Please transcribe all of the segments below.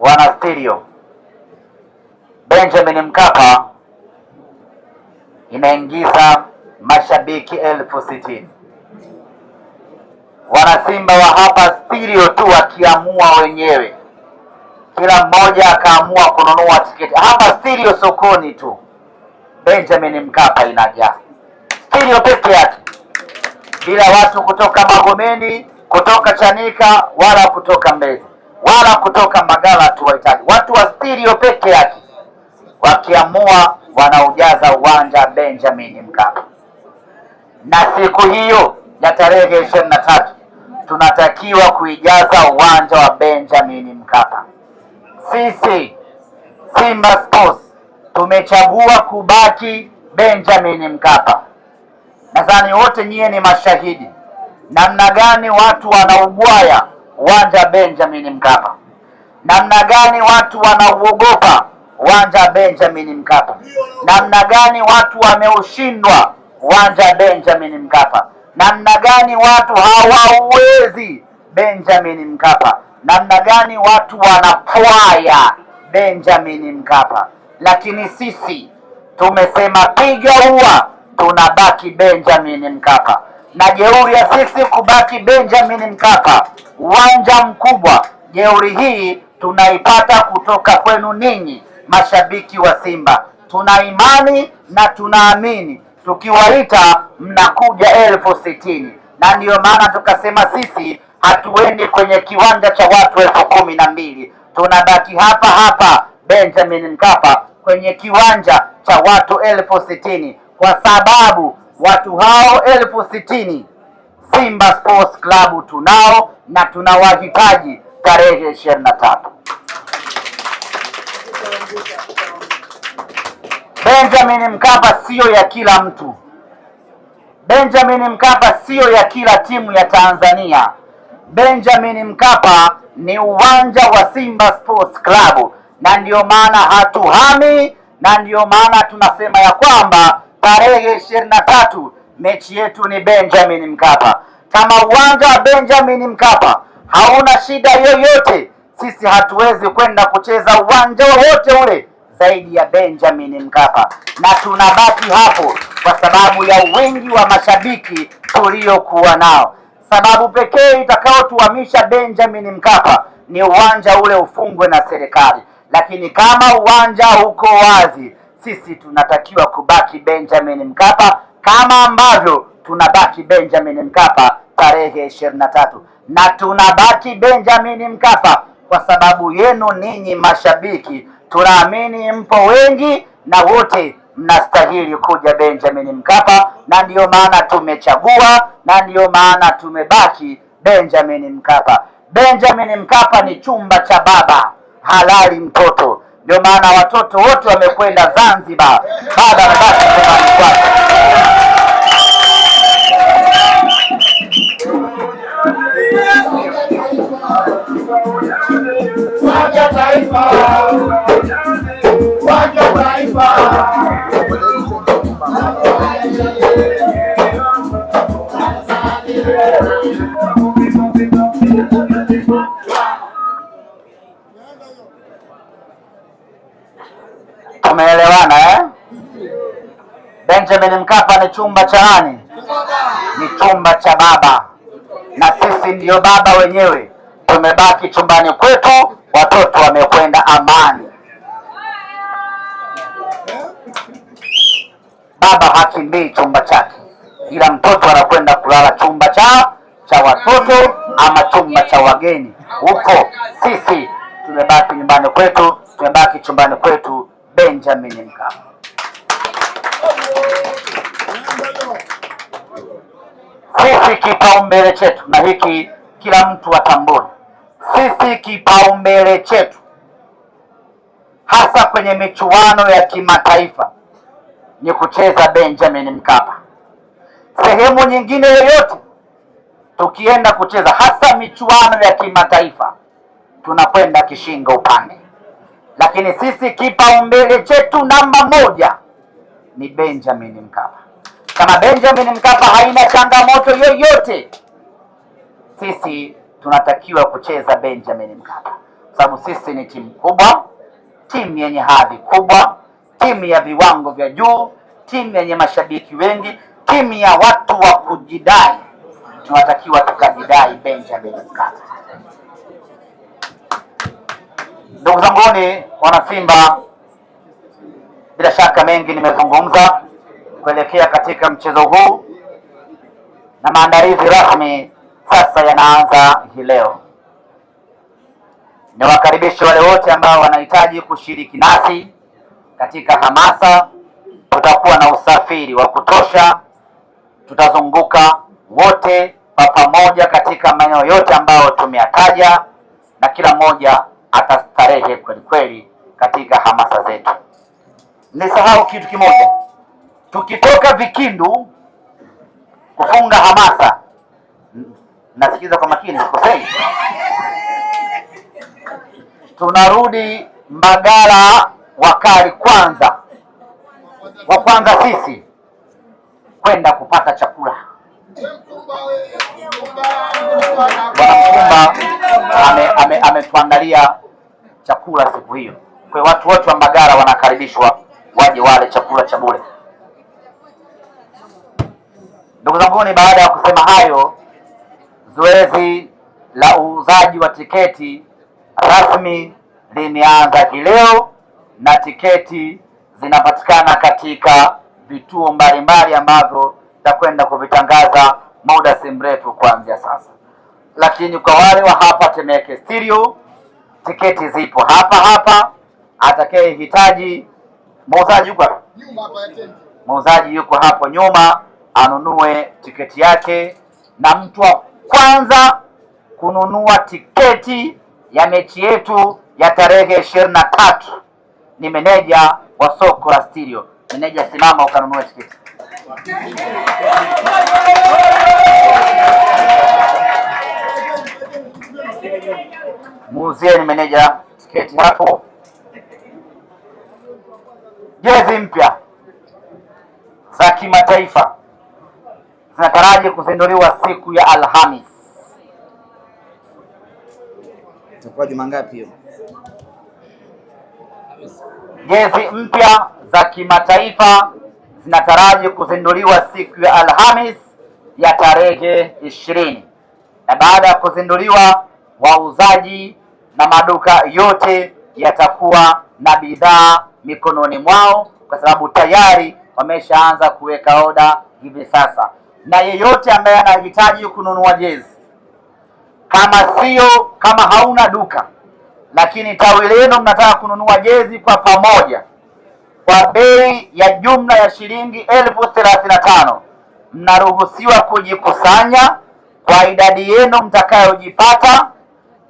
wana stadium Benjamin Mkapa inaingiza mashabiki elfu sitini. Wanasimba wa hapa studio tu wakiamua wenyewe, kila mmoja akaamua kununua tiketi hapa studio sokoni tu. Benjamin Mkapa inajaa studio peke yake, bila watu kutoka Magomeni, kutoka Chanika wala kutoka Mbezi wala kutoka Mbagala hatuwahitaji. Watu wa Stirio peke yake wakiamua wanaujaza uwanja Benjamin Mkapa, na siku hiyo ya tarehe ishirini na tatu tunatakiwa kuijaza uwanja wa Benjamin Mkapa. Sisi Simba Sports tumechagua kubaki Benjamin Mkapa. Nadhani wote nyie ni mashahidi namna gani watu wanaugwaya uwanja wa Benjamin Mkapa. Namna gani watu wanauogopa uwanja wa Benjamin Mkapa, namna gani watu wameushindwa uwanja wa Benjamin Mkapa, namna gani watu hawauwezi Benjamin Mkapa, namna gani watu wanapwaya Benjamin Mkapa. Lakini sisi tumesema piga huwa tunabaki Benjamin Mkapa na jeuri ya sisi kubaki Benjamin Mkapa, uwanja mkubwa. Jeuri hii tunaipata kutoka kwenu ninyi mashabiki wa Simba. Tuna imani na tunaamini, tukiwaita mnakuja elfu sitini na ndiyo maana tukasema sisi hatuendi kwenye kiwanja cha watu elfu kumi na mbili tunabaki hapa hapa Benjamin Mkapa kwenye kiwanja cha watu elfu sitini kwa sababu Watu hao elfu sitini Simba Sports Club tunao na tunawahitaji tarehe ishirini na tatu. Benjamin Mkapa siyo ya kila mtu. Benjamin Mkapa siyo ya kila timu ya Tanzania. Benjamin Mkapa ni uwanja wa Simba Sports Club, na ndiyo maana hatuhami, na ndiyo maana tunasema ya kwamba tarehe ishirini na tatu mechi yetu ni Benjamin Mkapa. Kama uwanja wa Benjamin Mkapa hauna shida yoyote, sisi hatuwezi kwenda kucheza uwanja wowote ule zaidi ya Benjamin Mkapa, na tunabaki hapo kwa sababu ya wingi wa mashabiki tuliokuwa nao. Sababu pekee itakayotuhamisha Benjamin Mkapa ni uwanja ule ufungwe na serikali, lakini kama uwanja uko wazi sisi tunatakiwa kubaki Benjamin Mkapa kama ambavyo tunabaki Benjamin Mkapa tarehe ishirini na tatu na tunabaki Benjamin Mkapa kwa sababu yenu ninyi mashabiki, tunaamini mpo wengi na wote mnastahili kuja Benjamin Mkapa, na ndiyo maana tumechagua na ndiyo maana tumebaki Benjamin Mkapa. Benjamin Mkapa ni chumba cha baba halali mtoto ndio maana watoto wote wamekwenda Zanzibar, baba amebaki nyumbani kwake. Benjamin Mkapa ni chumba cha nani? Ni chumba cha baba, na sisi ndio baba wenyewe. Tumebaki chumbani kwetu, watoto wamekwenda Amani. Baba hakimbii chumba chake, ila mtoto anakwenda kulala chumba cha cha watoto ama chumba cha wageni huko. Sisi tumebaki nyumbani kwetu, tumebaki chumbani kwetu Benjamin Mkapa. Sisi kipaumbele chetu, na hiki kila mtu atambue, sisi kipaumbele chetu hasa kwenye michuano ya kimataifa ni kucheza Benjamin Mkapa. Sehemu nyingine yoyote tukienda kucheza, hasa michuano ya kimataifa, tunakwenda kishingo upande, lakini sisi kipaumbele chetu namba moja ni Benjamin Mkapa. Kama Benjamin Mkapa haina changamoto yoyote, sisi tunatakiwa kucheza Benjamin Mkapa, sababu sisi ni timu kubwa, timu yenye hadhi kubwa, timu ya viwango vya juu, timu yenye mashabiki wengi, timu ya watu wa kujidai. Tunatakiwa tukajidai Benjamin Mkapa. Ndugu zanguni, wana Simba bila shaka mengi nimezungumza kuelekea katika mchezo huu na maandalizi rasmi sasa yanaanza hii leo. Niwakaribishe wale wote ambao wanahitaji kushiriki nasi katika hamasa. Tutakuwa na usafiri wa kutosha, tutazunguka wote kwa pamoja katika maeneo yote ambayo tumeyataja, na kila mmoja atastarehe kweli kweli katika hamasa zetu mlisahau kitu kimoja, tukitoka Vikindu kufunga hamasa, nasikiza kwa makini, sikosei, tunarudi Mbagala wakali kwanza wa kwanza sisi kwenda kupata chakula. Bwana ametuandalia ame, ame chakula siku hiyo. Kwa watu wote wa Mbagala wanakaribishwa waje wale chakula cha bure. Ndugu zanguni, baada ya kusema hayo, zoezi la uuzaji wa tiketi rasmi limeanza kileo na tiketi zinapatikana katika vituo mbalimbali ambavyo takwenda kuvitangaza muda si mrefu kuanzia sasa. Lakini kwa wale wa hapa Temeke Studio tiketi zipo hapa hapa, atakayehitaji Muuzaji yuko hapa, muuzaji yuko hapo nyuma, anunue tiketi yake, na mtu wa kwanza kununua tiketi ya mechi yetu ya tarehe ishirini na tatu ni meneja wa soko la Stilio. Meneja, simama ukanunue tiketi. Muuzieni meneja tiketi hapo. Jezi mpya za kimataifa zinataraji kuzinduliwa siku ya Alhamis. Itakuwa juma ngapi hiyo? Jezi mpya za kimataifa zinataraji kuzinduliwa siku ya Alhamis ya tarehe ishirini, na baada ya kuzinduliwa, wauzaji na maduka yote yatakuwa na bidhaa mikononi mwao, kwa sababu tayari wameshaanza kuweka oda hivi sasa. Na yeyote ambaye anahitaji kununua jezi, kama sio kama hauna duka, lakini tawi lenu mnataka kununua jezi kwa pamoja kwa bei ya jumla ya shilingi elfu thelathini na tano mnaruhusiwa kujikusanya kwa idadi yenu mtakayojipata,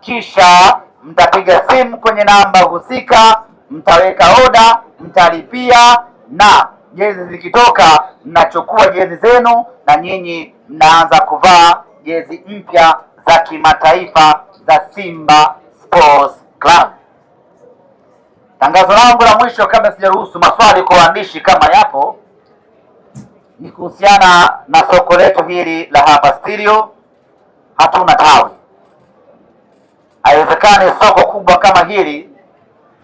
kisha mtapiga simu kwenye namba husika mtaweka oda, mtalipia na jezi zikitoka mnachukua jezi zenu na nyinyi mnaanza kuvaa jezi mpya za kimataifa za Simba Sports Club. Tangazo langu la mwisho kabla sijaruhusu maswali kwa waandishi kama yapo, ni kuhusiana na soko letu hili la hapa studio. Hatuna tawi, haiwezekani soko kubwa kama hili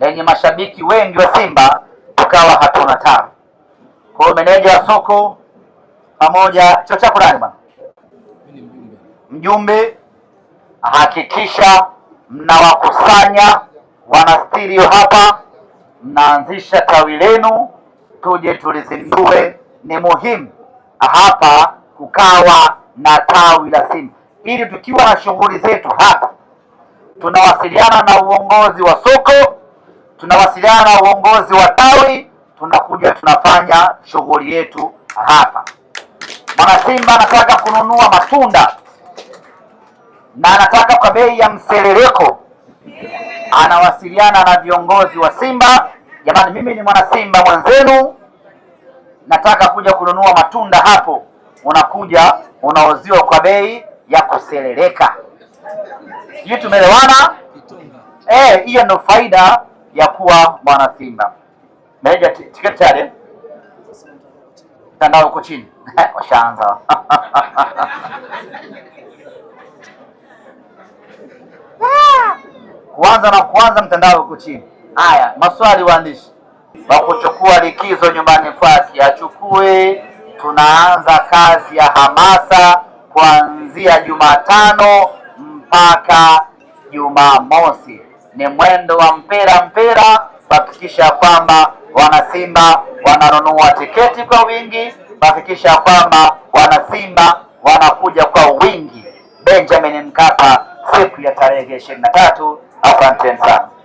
lenye mashabiki wengi wa Simba tukawa hatuna tabu. Kwa meneja wa soko pamoja, cho chako nani bwana? Mjumbe, hakikisha mnawakusanya wanastirio hapa, mnaanzisha tawi lenu, tuje tulizindue. Ni muhimu hapa kukawa na tawi la Simba ili tukiwa na shughuli zetu hapa tunawasiliana na uongozi wa soko tunawasiliana na uongozi wa tawi, tunakuja tunafanya shughuli yetu hapa. Mwana Simba anataka kununua matunda na anataka kwa bei ya mselereko anawasiliana na viongozi wa Simba. Jamani, mimi ni mwana Simba mwenzenu, nataka kuja kununua matunda hapo. Unakuja unauziwa kwa bei ya kuseleleka. Sijui tumeelewana? Eh, hiyo ndio faida ya kuwa mwana Simba. Meneja tiketi tayari, mtandao uko chini, washaanza kuanza na kuanza, mtandao uko chini. Haya, maswali waandishi wa kuchukua likizo nyumbani kwake achukue. Tunaanza kazi ya hamasa kuanzia Jumatano mpaka Jumamosi ni mwendo wa mpira mpira, kuhakikisha kwamba wanasimba wananunua tiketi kwa wingi, kuhakikisha kwamba wanasimba wanakuja kwa wingi Benjamin Mkapa siku ya tarehe ishirini na tatu. Asanteni sana.